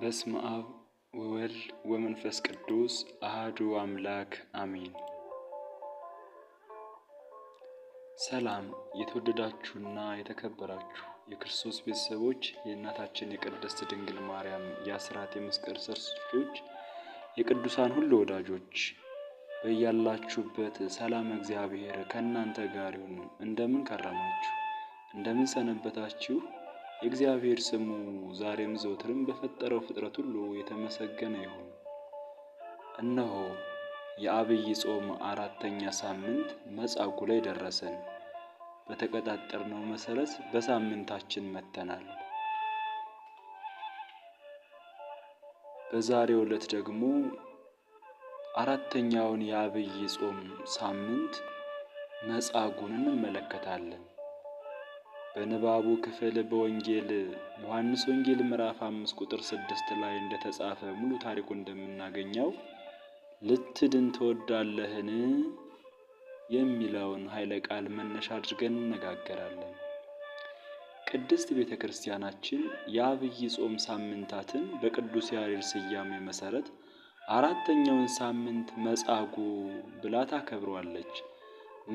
በስመ አብ ወወልድ ወመንፈስ ቅዱስ አህዱ አምላክ አሜን። ሰላም የተወደዳችሁና የተከበራችሁ የክርስቶስ ቤተሰቦች የእናታችን የቅድስት ድንግል ማርያም የአስራት የመስቀል ሰርሶች የቅዱሳን ሁሉ ወዳጆች በያላችሁበት ሰላም እግዚአብሔር ከእናንተ ጋር ይሁን። እንደምን ከረማችሁ? እንደምን ሰነበታችሁ? የእግዚአብሔር ስሙ ዛሬም ዘውትርም በፈጠረው ፍጥረት ሁሉ የተመሰገነ ይሁን። እነሆ የአብይ ጾም አራተኛ ሳምንት መጻጉ ላይ ደረሰን። በተቀጣጠርነው መሰረት በሳምንታችን መጥተናል። በዛሬው ዕለት ደግሞ አራተኛውን የአብይ ጾም ሳምንት መጻጉን እንመለከታለን። በንባቡ ክፍል በወንጌል ዮሐንስ ወንጌል ምዕራፍ አምስት ቁጥር ስድስት ላይ እንደተጻፈ ሙሉ ታሪኩ እንደምናገኘው ልትድን ትወዳለህን የሚለውን ኃይለ ቃል መነሻ አድርገን እንነጋገራለን። ቅድስት ቤተ ክርስቲያናችን የአብይ ጾም ሳምንታትን በቅዱስ ያሬድ ስያሜ መሰረት አራተኛውን ሳምንት መጻጉ ብላ ታከብረዋለች።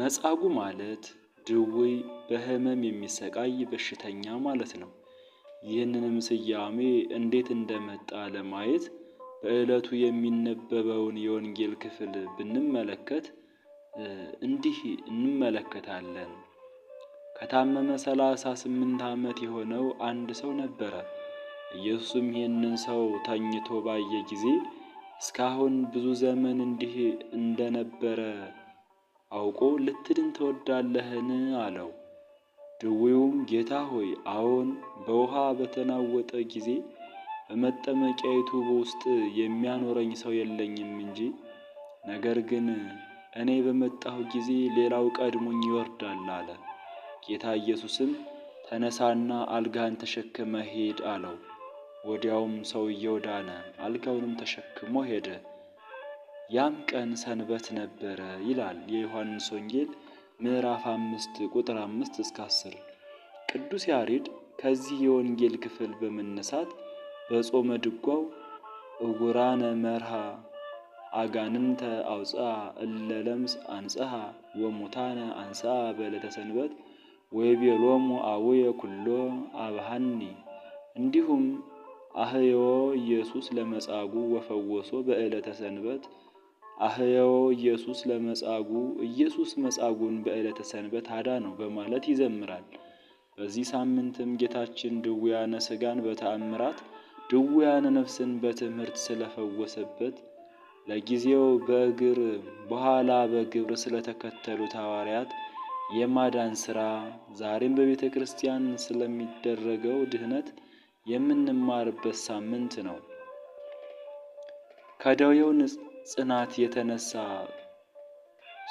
መጻጉ ማለት ድውይ በህመም የሚሰቃይ በሽተኛ ማለት ነው። ይህንንም ስያሜ እንዴት እንደመጣ ለማየት በዕለቱ የሚነበበውን የወንጌል ክፍል ብንመለከት እንዲህ እንመለከታለን። ከታመመ ሰላሳ ስምንት ዓመት የሆነው አንድ ሰው ነበረ። ኢየሱስም ይህንን ሰው ተኝቶ ባየ ጊዜ እስካሁን ብዙ ዘመን እንዲህ እንደነበረ አውቆ ልትድን ትወዳለህን? አለው። ድዌውም ጌታ ሆይ አዎን፣ በውሃ በተናወጠ ጊዜ በመጠመቂያይቱ ውስጥ የሚያኖረኝ ሰው የለኝም እንጂ፣ ነገር ግን እኔ በመጣሁ ጊዜ ሌላው ቀድሞኝ ይወርዳል አለ። ጌታ ኢየሱስም ተነሳና አልጋን ተሸክመ ሄድ አለው። ወዲያውም ሰውየው ዳነ፣ አልጋውንም ተሸክሞ ሄደ። ያም ቀን ሰንበት ነበረ ይላል የዮሐንስ ወንጌል ምዕራፍ አምስት ቁጥር አምስት እስከ አስር ቅዱስ ያሬድ ከዚህ የወንጌል ክፍል በመነሳት በጾመ ድጓው እውራነ መርሃ አጋንንተ አውፅአ እለ ለምጽ አንጽሐ ወሙታነ አንሳ በዕለተ ሰንበት ወይቤሎሙ አቡየ ኩሎ አብሃኒ እንዲሁም አህዮ ኢየሱስ ለመጻጉ ወፈወሶ በዕለተ ሰንበት አህየው ኢየሱስ ለመጻጉ ኢየሱስ መጻጉን በዕለተ ሰንበት አዳ ነው በማለት ይዘምራል። በዚህ ሳምንትም ጌታችን ድውያነ ሥጋን በተአምራት ድውያነ ነፍስን በትምህርት ስለፈወሰበት ለጊዜው በእግር በኋላ በግብር ስለተከተሉት ሐዋርያት የማዳን ሥራ ዛሬም በቤተ ክርስቲያን ስለሚደረገው ድህነት የምንማርበት ሳምንት ነው። ከደዌው ጽናት የተነሳ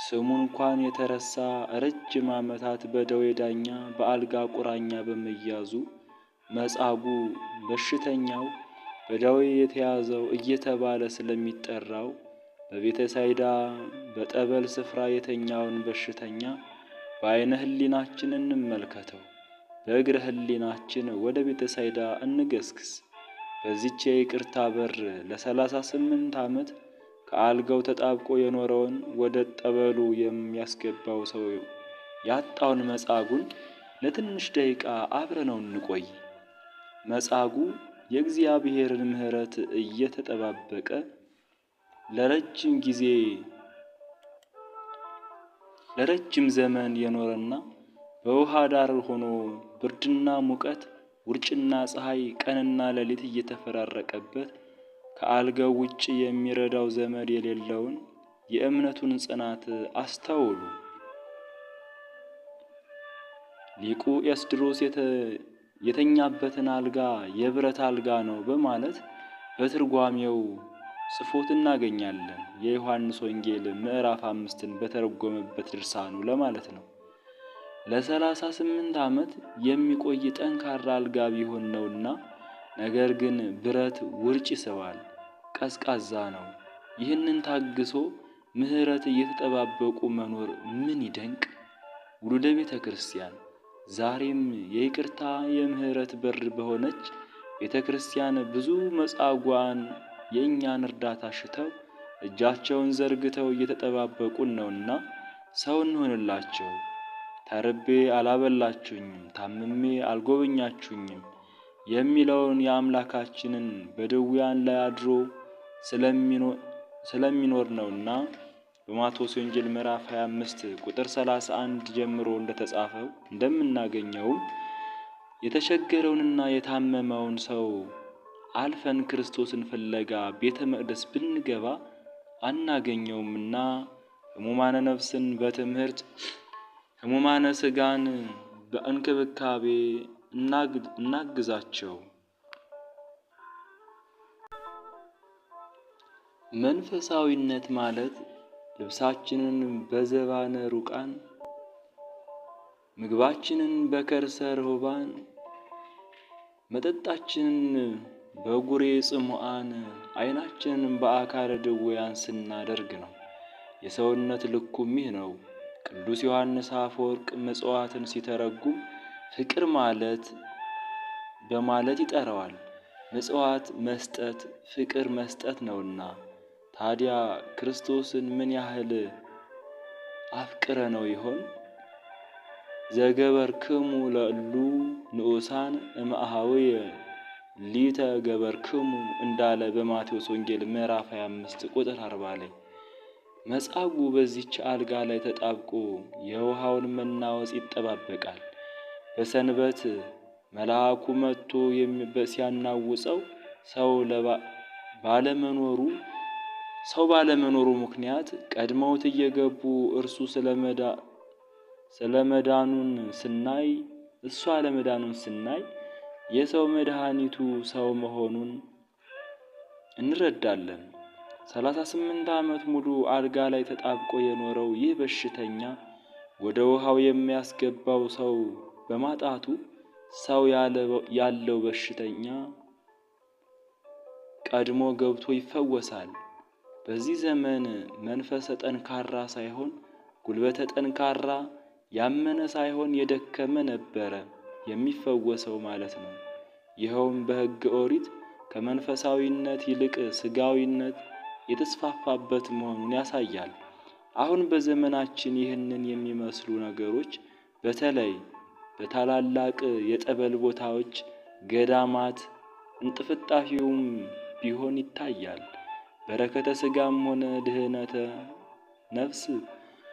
ስሙ እንኳን የተረሳ ረጅም ዓመታት በደዌ ዳኛ በአልጋ ቁራኛ በመያዙ መጻጉ በሽተኛው በደዌ የተያዘው እየተባለ ስለሚጠራው በቤተ ሳይዳ በጠበል ስፍራ የተኛውን በሽተኛ በዓይነ ሕሊናችን እንመልከተው፣ በእግረ ሕሊናችን ወደ ቤተ ሳይዳ እንገስግስ። በዚች የይቅርታ በር ለሰላሳ ስምንት ዓመት ከአልጋው ተጣብቆ የኖረውን ወደ ጠበሉ የሚያስገባው ሰው ያጣውን መጻጉን ለትንሽ ደቂቃ አብረነው እንቆይ። መጻጉ የእግዚአብሔርን ምሕረት እየተጠባበቀ ለረጅም ጊዜ ለረጅም ዘመን የኖረና በውሃ ዳር ሆኖ ብርድና ሙቀት፣ ውርጭና ፀሐይ፣ ቀንና ሌሊት እየተፈራረቀበት ከአልጋው ውጭ የሚረዳው ዘመድ የሌለውን የእምነቱን ጽናት አስተውሉ። ሊቁ ኤስድሮስ የተኛበትን አልጋ የብረት አልጋ ነው በማለት በትርጓሜው ጽፎት እናገኛለን። የዮሐንስ ወንጌል ምዕራፍ አምስትን በተረጎመበት ድርሳኑ ለማለት ነው። ለሰላሳ ስምንት ዓመት የሚቆይ ጠንካራ አልጋ ቢሆን ነውና ነገር ግን ብረት ውርጭ ይስባል፣ ቀዝቃዛ ነው። ይህንን ታግሶ ምሕረት እየተጠባበቁ መኖር ምን ይደንቅ! ውሉደ ቤተ ክርስቲያን ዛሬም የይቅርታ የምሕረት በር በሆነች ቤተ ክርስቲያን ብዙ መጻጓን የእኛን እርዳታ ሽተው እጃቸውን ዘርግተው እየተጠባበቁን ነውና ሰው እንሆንላቸው። ተርቤ አላበላችሁኝም፣ ታምሜ አልጎበኛችሁኝም የሚለውን የአምላካችንን በደዌያን ላይ አድሮ ስለሚኖር ነውና በማቴዎስ ወንጌል ምዕራፍ 25 ቁጥር 31 ጀምሮ እንደተጻፈው እንደምናገኘውም የተቸገረውንና የታመመውን ሰው አልፈን ክርስቶስን ፍለጋ ቤተ መቅደስ ብንገባ አናገኘውምና ሕሙማነ ነፍስን በትምህርት ሕሙማነ ስጋን በእንክብካቤ እናግዛቸው። መንፈሳዊነት ማለት ልብሳችንን በዘባነ ሩቃን ምግባችንን በከርሰ ርሁባን መጠጣችንን በጉሬ ጽሙዓን ዓይናችንን በአካለ ድውያን ስናደርግ ነው። የሰውነት ልኩም ይህ ነው። ቅዱስ ዮሐንስ አፈወርቅ ምጽዋትን ሲተረጉም ፍቅር ማለት በማለት ይጠራዋል። ምጽዋት መስጠት ፍቅር መስጠት ነውና። ታዲያ ክርስቶስን ምን ያህል አፍቅረ ነው ይሆን? ዘገበርክሙ ለሉ ንዑሳን እምአሃውየ ሊተ ገበርክሙ እንዳለ በማቴዎስ ወንጌል ምዕራፍ 25 ቁጥር 40 ላይ መጻጉዕ በዚች አልጋ ላይ ተጣብቆ የውሃውን መናወጽ ይጠባበቃል። በሰንበት መልአኩ መጥቶ ሲያናውጸው ሰው ባለመኖሩ ሰው ባለመኖሩ ምክንያት ቀድመውት እየገቡ እርሱ ስለመዳኑን ስናይ እሷ አለመዳኑን ስናይ የሰው መድኃኒቱ ሰው መሆኑን እንረዳለን። ሰላሳ ስምንት ዓመት ሙሉ አልጋ ላይ ተጣብቆ የኖረው ይህ በሽተኛ ወደ ውሃው የሚያስገባው ሰው በማጣቱ ሰው ያለው በሽተኛ ቀድሞ ገብቶ ይፈወሳል። በዚህ ዘመን መንፈሰ ጠንካራ ሳይሆን ጉልበተ ጠንካራ፣ ያመነ ሳይሆን የደከመ ነበረ የሚፈወሰው ማለት ነው። ይኸውም በሕገ ኦሪት ከመንፈሳዊነት ይልቅ ስጋዊነት የተስፋፋበት መሆኑን ያሳያል። አሁን በዘመናችን ይህንን የሚመስሉ ነገሮች በተለይ በታላላቅ የጠበል ቦታዎች፣ ገዳማት እንጥፍጣፊውም ቢሆን ይታያል። በረከተ ሥጋም ሆነ ድህነተ ነፍስ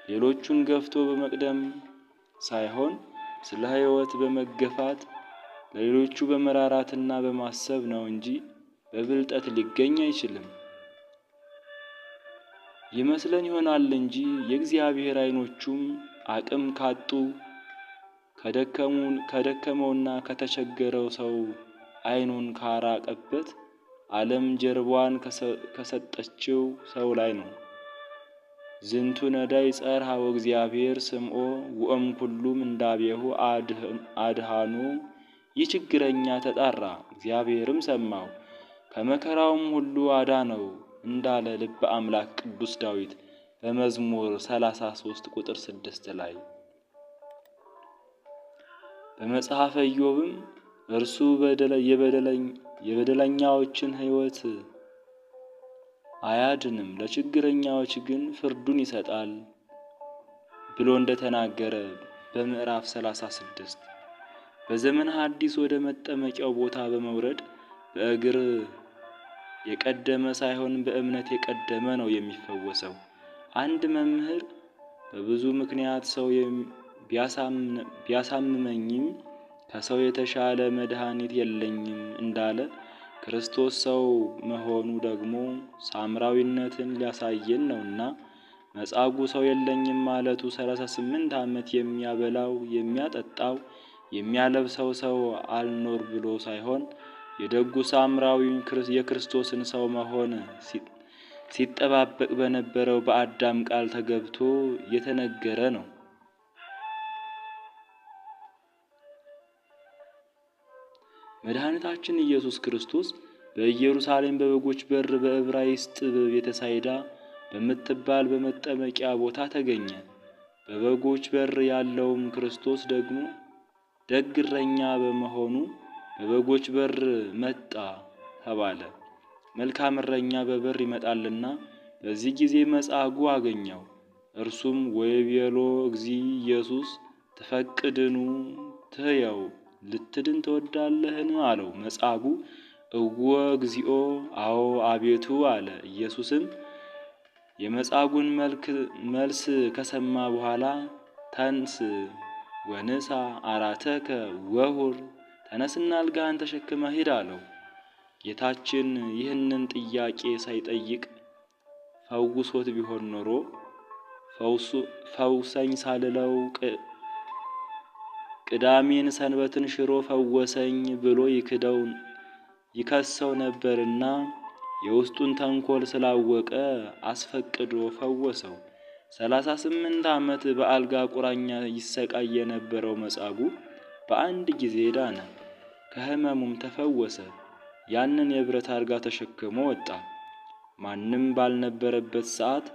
ሌሎቹን ገፍቶ በመቅደም ሳይሆን ስለ ሕይወት በመገፋት ለሌሎቹ በመራራትና በማሰብ ነው እንጂ በብልጠት ሊገኝ አይችልም። ይመስለን ይሆናል እንጂ የእግዚአብሔር ዓይኖቹም አቅም ካጡ ከደከመውና ከተቸገረው ሰው አይኑን ካራቀበት ዓለም ጀርባዋን ከሰጠችው ሰው ላይ ነው። ዝንቱ ነዳይ ጸርሃ ወእግዚአብሔር ስምዖ ውእም ሁሉም እንዳቤሁ አድሃኑ። ይህ ችግረኛ ተጣራ፣ እግዚአብሔርም ሰማው፣ ከመከራውም ሁሉ አዳነው እንዳለ ልበ አምላክ ቅዱስ ዳዊት በመዝሙር 33 ቁጥር 6 ላይ በመጽሐፈ ኢዮብም እርሱ የበደለኛዎችን ሕይወት አያድንም፣ ለችግረኛዎች ግን ፍርዱን ይሰጣል ብሎ እንደተናገረ በምዕራፍ 36 በዘመነ ሐዲስ ወደ መጠመቂያው ቦታ በመውረድ በእግር የቀደመ ሳይሆን በእምነት የቀደመ ነው የሚፈወሰው። አንድ መምህር በብዙ ምክንያት ሰው ቢያሳምመኝም ከሰው የተሻለ መድኃኒት የለኝም እንዳለ ክርስቶስ ሰው መሆኑ ደግሞ ሳምራዊነትን ሊያሳየን ነውና መጻጉዕ ሰው የለኝም ማለቱ ሰላሳ ስምንት ዓመት የሚያበላው የሚያጠጣው የሚያለብሰው ሰው አልኖር ብሎ ሳይሆን የደጉ ሳምራዊ የክርስቶስን ሰው መሆን ሲጠባበቅ በነበረው በአዳም ቃል ተገብቶ የተነገረ ነው። መድኃኒታችን ኢየሱስ ክርስቶስ በኢየሩሳሌም በበጎች በር በዕብራይስጥ ቤተሳይዳ በምትባል በመጠመቂያ ቦታ ተገኘ። በበጎች በር ያለውም ክርስቶስ ደግሞ ደግ እረኛ በመሆኑ በበጎች በር መጣ ተባለ። መልካም እረኛ በበር ይመጣልና በዚህ ጊዜ መጻጉ አገኘው። እርሱም ወይቤሎ እግዚእ ኢየሱስ ትፈቅድኑ ትሕየው ልትድን ትወዳለህን? አለው። መጻጉ እወ እግዚኦ፣ አዎ አቤቱ አለ። ኢየሱስም የመጻጉን መልስ ከሰማ በኋላ ተንስ ወንሳ አራተከ ወሑር፣ ተነስና አልጋህን ተሸክመ ሂድ አለው። ጌታችን ይህንን ጥያቄ ሳይጠይቅ ፈውሶት ቢሆን ኖሮ ፈውሰኝ ሳልለው ቅዳሜን ሰንበትን ሽሮ ፈወሰኝ ብሎ ይክደው ይከሰው ነበርና የውስጡን ተንኮል ስላወቀ አስፈቅዶ ፈወሰው። ሰላሳ ስምንት ዓመት በአልጋ ቁራኛ ይሰቃይ የነበረው መጻጉዕ በአንድ ጊዜ ዳነ፣ ከህመሙም ተፈወሰ። ያንን የብረት አልጋ ተሸክሞ ወጣ። ማንም ባልነበረበት ሰዓት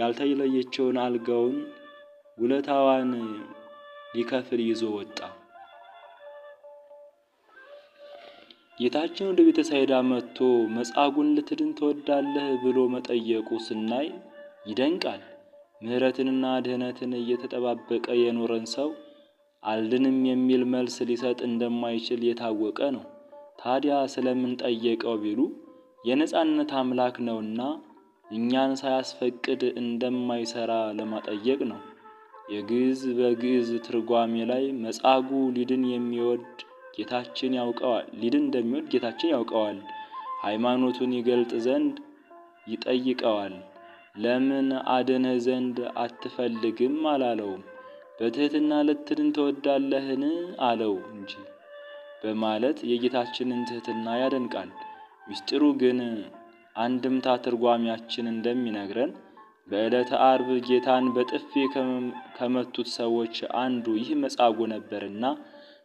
ያልተለየችውን አልጋውን ውለታዋን ሊከፍል ይዞ ወጣ። ጌታችን ወደ ቤተ ሳይዳ መጥቶ መጻጉን ልትድን ትወዳለህ ብሎ መጠየቁ ስናይ ይደንቃል። ምሕረትንና ድህነትን እየተጠባበቀ የኖረን ሰው አልድንም የሚል መልስ ሊሰጥ እንደማይችል የታወቀ ነው። ታዲያ ስለምን ጠየቀው ቢሉ የነጻነት አምላክ ነውና እኛን ሳያስፈቅድ እንደማይሰራ ለማጠየቅ ነው። የግዕዝ በግዕዝ ትርጓሜ ላይ መጻጉ ሊድን የሚወድ ጌታችን ያውቀዋል ሊድን እንደሚወድ ጌታችን ያውቀዋል፣ ሃይማኖቱን ይገልጥ ዘንድ ይጠይቀዋል። ለምን አድንህ ዘንድ አትፈልግም አላለውም፣ በትህትና ልትድን ትወዳለህን አለው እንጂ በማለት የጌታችንን ትህትና ያደንቃል። ምስጢሩ ግን አንድምታ ትርጓሚያችን እንደሚነግረን በዕለተ አርብ ጌታን በጥፊ ከመቱት ሰዎች አንዱ ይህ መጻጉዕ ነበርና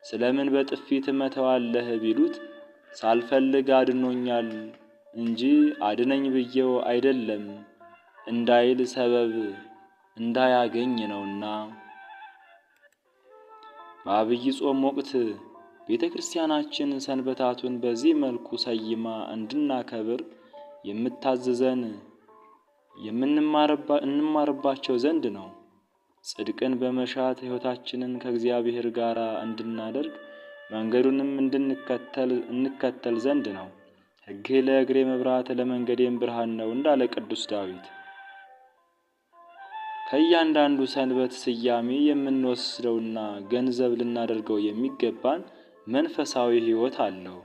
ስለምን በጥፊ ትመተዋለህ ቢሉት ሳልፈልግ አድኖኛል እንጂ አድነኝ ብዬው አይደለም እንዳይል ሰበብ እንዳያገኝ ነውና። በአብይ ጾም ወቅት ቤተ ክርስቲያናችን ሰንበታቱን በዚህ መልኩ ሰይማ እንድናከብር የምታዝዘን እንማርባቸው ዘንድ ነው። ጽድቅን በመሻት ሕይወታችንን ከእግዚአብሔር ጋር እንድናደርግ መንገዱንም እንከተል ዘንድ ነው። ሕግህ ለእግሬ መብራት ለመንገዴም ብርሃን ነው እንዳለ ቅዱስ ዳዊት። ከእያንዳንዱ ሰንበት ስያሜ የምንወስደውና ገንዘብ ልናደርገው የሚገባን መንፈሳዊ ሕይወት አለው።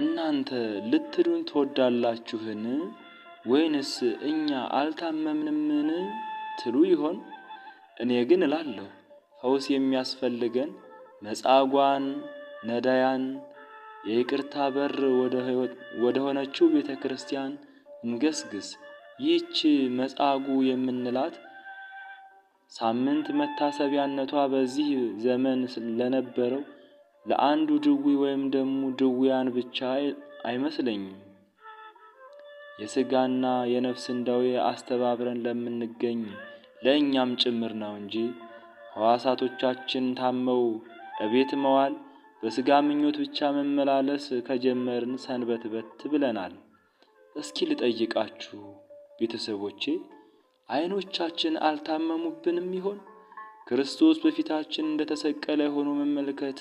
እናንተ ልትዱን ትወዳላችሁን? ወይንስ እኛ አልታመምንምን ትሉ ይሆን? እኔ ግን እላለሁ ፈውስ የሚያስፈልገን መጻጓን ነዳያን የይቅርታ በር ወደ ሆነችው ቤተ ክርስቲያን እንገስግስ። ይህች መጻጉ የምንላት ሳምንት መታሰቢያነቷ በዚህ ዘመን ለነበረው ለአንዱ ድዊ ወይም ደግሞ ድዊያን ብቻ አይመስለኝም። የሥጋና የነፍስን ደዌ አስተባብረን ለምንገኝ ለእኛም ጭምር ነው እንጂ ሕዋሳቶቻችን ታመው እቤት መዋል፣ በሥጋ ምኞት ብቻ መመላለስ ከጀመርን ሰንበትበት ብለናል። እስኪ ልጠይቃችሁ ቤተሰቦቼ፣ ዐይኖቻችን አልታመሙብንም ይሆን? ክርስቶስ በፊታችን እንደተሰቀለ ሆኖ መመልከት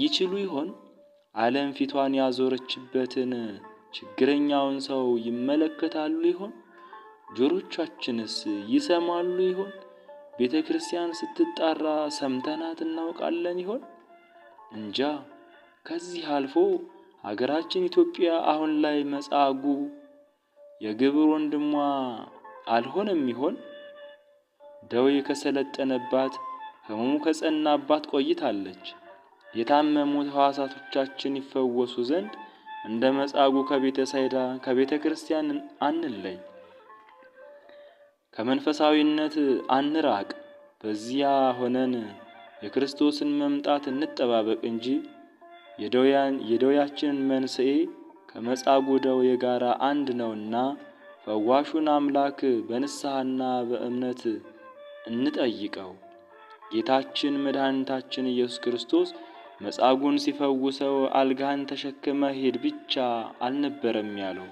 ይችሉ ይሆን? ዓለም ፊቷን ያዞረችበትን ችግረኛውን ሰው ይመለከታሉ ይሆን? ጆሮቻችንስ ይሰማሉ ይሆን? ቤተ ክርስቲያን ስትጣራ ሰምተናት እናውቃለን ይሆን? እንጃ። ከዚህ አልፎ ሀገራችን ኢትዮጵያ አሁን ላይ መጻጉ የግብር ወንድሟ አልሆነም ይሆን? ደዌ ከሰለጠነባት፣ ሕመሙ ከጸናባት ቆይታለች። የታመሙት ሐዋሳቶቻችን ይፈወሱ ዘንድ እንደ መጻጉ ከቤተ ሳይዳ ከቤተ ክርስቲያን አንለይ፣ ከመንፈሳዊነት አንራቅ። በዚያ ሆነን የክርስቶስን መምጣት እንጠባበቅ እንጂ የደውያችንን መንስኤ ከመጻጉ ደዌ ጋር አንድ ነውና ፈዋሹን አምላክ በንስሐና በእምነት እንጠይቀው። ጌታችን መድኃኒታችን ኢየሱስ ክርስቶስ መጻጉን ሲፈውሰው አልጋህን ተሸክመ ሄድ ብቻ አልነበረም ያለው።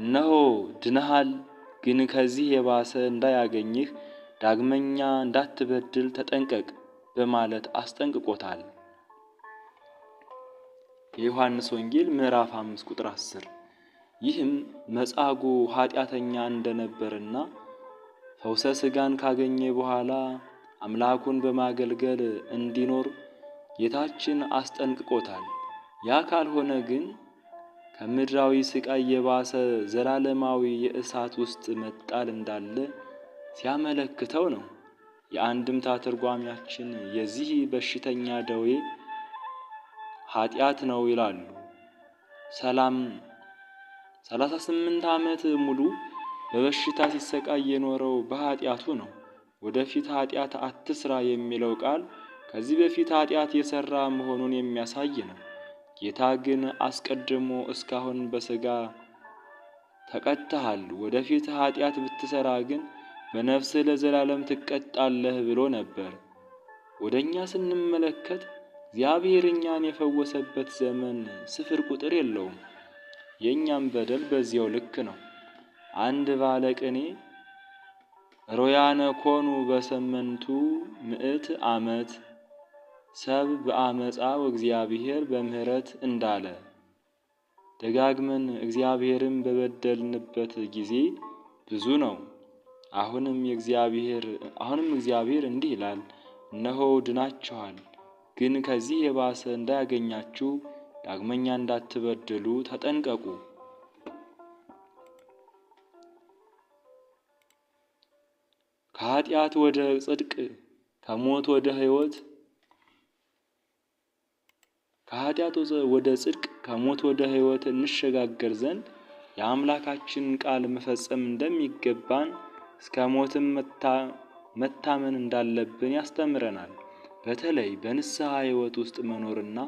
እነሆ ድነሃል፣ ግን ከዚህ የባሰ እንዳያገኝህ ዳግመኛ እንዳትበድል ተጠንቀቅ በማለት አስጠንቅቆታል። የዮሐንስ ወንጌል ምዕራፍ 5 ቁጥር 10። ይህም መጻጉዕ ኃጢአተኛ እንደነበርና ፈውሰ ስጋን ካገኘ በኋላ አምላኩን በማገልገል እንዲኖር ጌታችን አስጠንቅቆታል። ያ ካልሆነ ግን ከምድራዊ ስቃይ የባሰ ዘላለማዊ የእሳት ውስጥ መጣል እንዳለ ሲያመለክተው ነው። የአንድምታ ትርጓሚያችን የዚህ በሽተኛ ደዌ ኃጢአት ነው ይላሉ። ሰላም 38 ዓመት ሙሉ በበሽታ ሲሰቃይ የኖረው በኃጢአቱ ነው። ወደፊት ኃጢአት አትስራ የሚለው ቃል ከዚህ በፊት ኃጢአት የሠራ መሆኑን የሚያሳይ ነው። ጌታ ግን አስቀድሞ እስካሁን በሥጋ ተቀጥተሃል፣ ወደፊት ኃጢአት ብትሠራ ግን በነፍስህ ለዘላለም ትቀጣለህ ብሎ ነበር። ወደ እኛ ስንመለከት እግዚአብሔር እኛን የፈወሰበት ዘመን ስፍር ቁጥር የለውም። የእኛም በደል በዚያው ልክ ነው። አንድ ባለ ቅኔ ሮያነ ኮኑ በሰመንቱ ምእት ዓመት ሰብ በአመፃ ወእግዚአብሔር በምህረት እንዳለ ደጋግመን እግዚአብሔርን በበደልንበት ጊዜ ብዙ ነው። አሁንም የእግዚአብሔር አሁንም እግዚአብሔር እንዲህ ይላል፣ እነሆ ድናችኋል፣ ግን ከዚህ የባሰ እንዳያገኛችሁ ዳግመኛ እንዳትበድሉ ተጠንቀቁ። ከኃጢአት ወደ ጽድቅ፣ ከሞት ወደ ህይወት፣ ከኃጢአት ወደ ጽድቅ፣ ከሞት ወደ ህይወት እንሸጋገር ዘንድ የአምላካችንን ቃል መፈጸም እንደሚገባን እስከ ሞትም መታመን እንዳለብን ያስተምረናል። በተለይ በንስሐ ህይወት ውስጥ መኖርና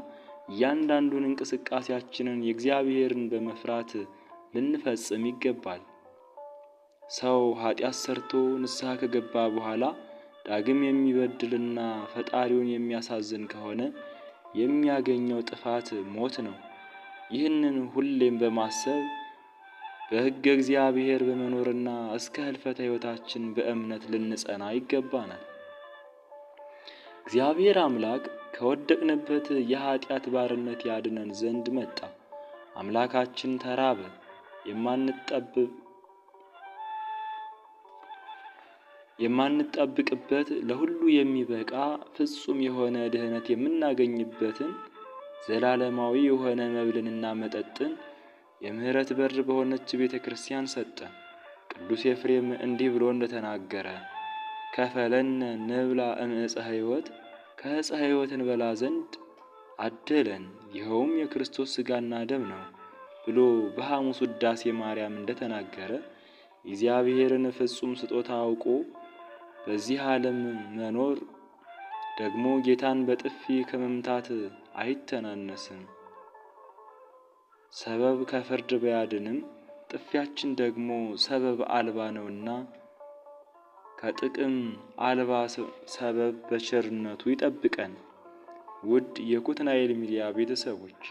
እያንዳንዱን እንቅስቃሴያችንን የእግዚአብሔርን በመፍራት ልንፈጽም ይገባል። ሰው ኃጢአት ሰርቶ ንስሐ ከገባ በኋላ ዳግም የሚበድልና ፈጣሪውን የሚያሳዝን ከሆነ የሚያገኘው ጥፋት ሞት ነው። ይህንን ሁሌም በማሰብ በሕገ እግዚአብሔር በመኖርና እስከ ሕልፈተ ሕይወታችን በእምነት ልንጸና ይገባናል። እግዚአብሔር አምላክ ከወደቅንበት የኀጢአት ባርነት ያድነን ዘንድ መጣ። አምላካችን ተራበ፣ የማንጠብብ የማንጠብቅበት ለሁሉ የሚበቃ ፍጹም የሆነ ድህነት የምናገኝበትን ዘላለማዊ የሆነ መብልንና መጠጥን የምሕረት በር በሆነች ቤተ ክርስቲያን ሰጠን። ቅዱስ ኤፍሬም እንዲህ ብሎ እንደተናገረ ከፈለነ ንብላ እምዕፀ ሕይወት ከዕፀ ሕይወት እንበላ ዘንድ አደለን፣ ይኸውም የክርስቶስ ሥጋና ደም ነው ብሎ በሐሙስ ውዳሴ ማርያም እንደተናገረ እግዚአብሔርን ፍጹም ስጦታ አውቆ በዚህ ዓለም መኖር ደግሞ ጌታን በጥፊ ከመምታት አይተናነስም። ሰበብ ከፍርድ ቢያድንም ጥፊያችን ደግሞ ሰበብ አልባ ነውና ከጥቅም አልባ ሰበብ በቸርነቱ ይጠብቀን። ውድ የኩትናኤል ሚዲያ ቤተሰቦች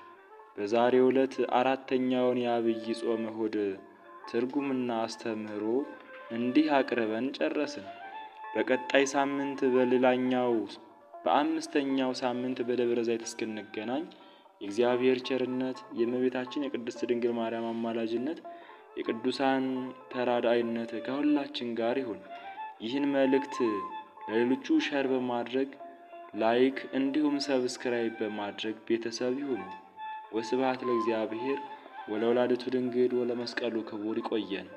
በዛሬው ዕለት አራተኛውን የአብይ ጾመ እሑድ ትርጉምና አስተምህሮ እንዲህ አቅርበን ጨረስን። በቀጣይ ሳምንት በሌላኛው በአምስተኛው ሳምንት በደብረ ዘይት እስክንገናኝ የእግዚአብሔር ቸርነት የእመቤታችን የቅድስት ድንግል ማርያም አማላጅነት የቅዱሳን ተራዳይነት ከሁላችን ጋር ይሁን። ይህን መልእክት ለሌሎቹ ሸር በማድረግ ላይክ፣ እንዲሁም ሰብስክራይብ በማድረግ ቤተሰብ ይሁኑ። ወስብሐት ለእግዚአብሔር ወለወላዲቱ ድንግል ወለመስቀሉ ክቡር። ይቆየን።